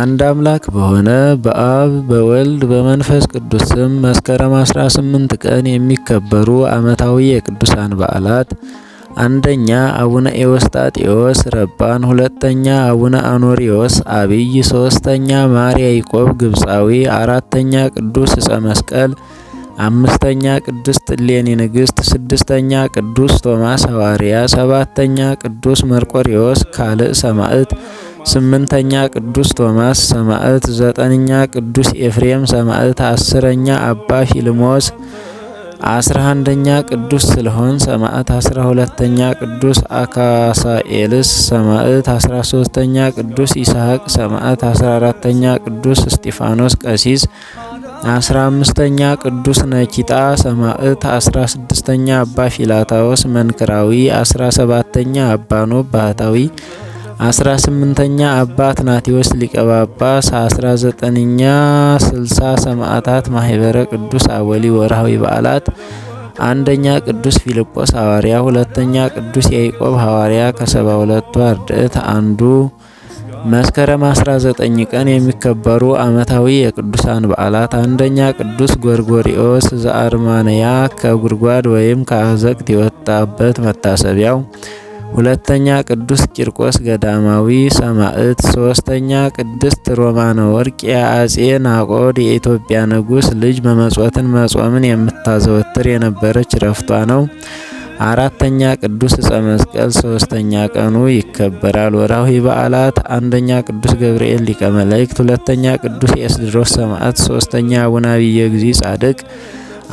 አንድ አምላክ በሆነ በአብ በወልድ በመንፈስ ቅዱስ ስም መስከረም 18 ቀን የሚከበሩ ዓመታዊ የቅዱሳን በዓላት፣ አንደኛ አቡነ ኤዎስጣቴዎስ ረባን፣ ሁለተኛ አቡነ አኖሪዎስ አቢይ፣ ሶስተኛ ማር ያዕቆብ ግብፃዊ፣ አራተኛ ቅዱስ ዕፀ መስቀል፣ አምስተኛ ቅዱስ ጥሌኒ ንግሥት፣ ስድስተኛ ቅዱስ ቶማስ ሐዋርያ፣ ሰባተኛ ቅዱስ መርቆሪዮስ ካልእ ሰማዕት ስምንተኛ ቅዱስ ቶማስ ሰማዕት፣ ዘጠነኛ ቅዱስ ኤፍሬም ሰማዕት፣ አስረኛ አባ ፊልሞስ፣ አስራ አንደኛ ቅዱስ ስልሆን ሰማዕት፣ አስራ ሁለተኛ ቅዱስ አካሳኤልስ ሰማዕት፣ አስራ ሶስተኛ ቅዱስ ይስሐቅ ሰማዕት፣ አስራ አራተኛ ቅዱስ እስጢፋኖስ ቀሲስ፣ አስራ አምስተኛ ቅዱስ ነኪጣ ሰማዕት፣ አስራ ስድስተኛ አባ ፊላታዎስ መንክራዊ፣ አስራ ሰባተኛ አባ ኖብ ባህታዊ አስራ ስምንተኛ አባ አትናቴዎስ ሊቀ ጳጳስ። 19ኛ 60 ሰማዕታት ማህበረ ቅዱስ አወሊ። ወርሃዊ በዓላት አንደኛ ቅዱስ ፊልጶስ ሐዋርያ፣ ሁለተኛ ቅዱስ ያዕቆብ ሐዋርያ ከሰባ ሁለቱ አርድእት አንዱ። መስከረም 19 ቀን የሚከበሩ ዓመታዊ የቅዱሳን በዓላት አንደኛ ቅዱስ ጎርጎሪዮስ ዘአርማንያ ከጉድጓድ ወይም ከአዘቅት የወጣበት መታሰቢያው ሁለተኛ ቅዱስ ቂርቆስ ገዳማዊ ሰማዕት፣ ሶስተኛ ቅድስት ሮማነ ወርቅ የአጼ ናቆድ የኢትዮጵያ ንጉሥ ልጅ መመጽወትን መጾምን የምታዘወትር የነበረች ረፍቷ ነው። አራተኛ ቅዱስ ዕፀ መስቀል ሶስተኛ ቀኑ ይከበራል። ወርሃዊ በዓላት አንደኛ ቅዱስ ገብርኤል ሊቀ መላእክት፣ ሁለተኛ ቅዱስ ኤስድሮስ ሰማዕት፣ ሶስተኛ አቡነ አብየ እግዚእ ጻድቅ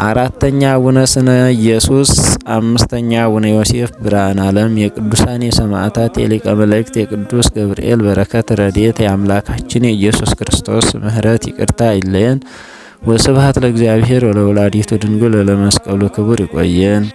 አራተኛ አቡነ ስነ ኢየሱስ፣ አምስተኛ አቡነ ዮሴፍ ብርሃን ዓለም። የቅዱሳን የሰማዕታት የሊቀ መላእክት የቅዱስ ገብርኤል በረከት ረድኤት የአምላካችን የኢየሱስ ክርስቶስ ምሕረት ይቅርታ አይለየን። ወስብሐት ለእግዚአብሔር ወለወላዲቱ ድንግል ወለመስቀሉ ክቡር ይቆየን።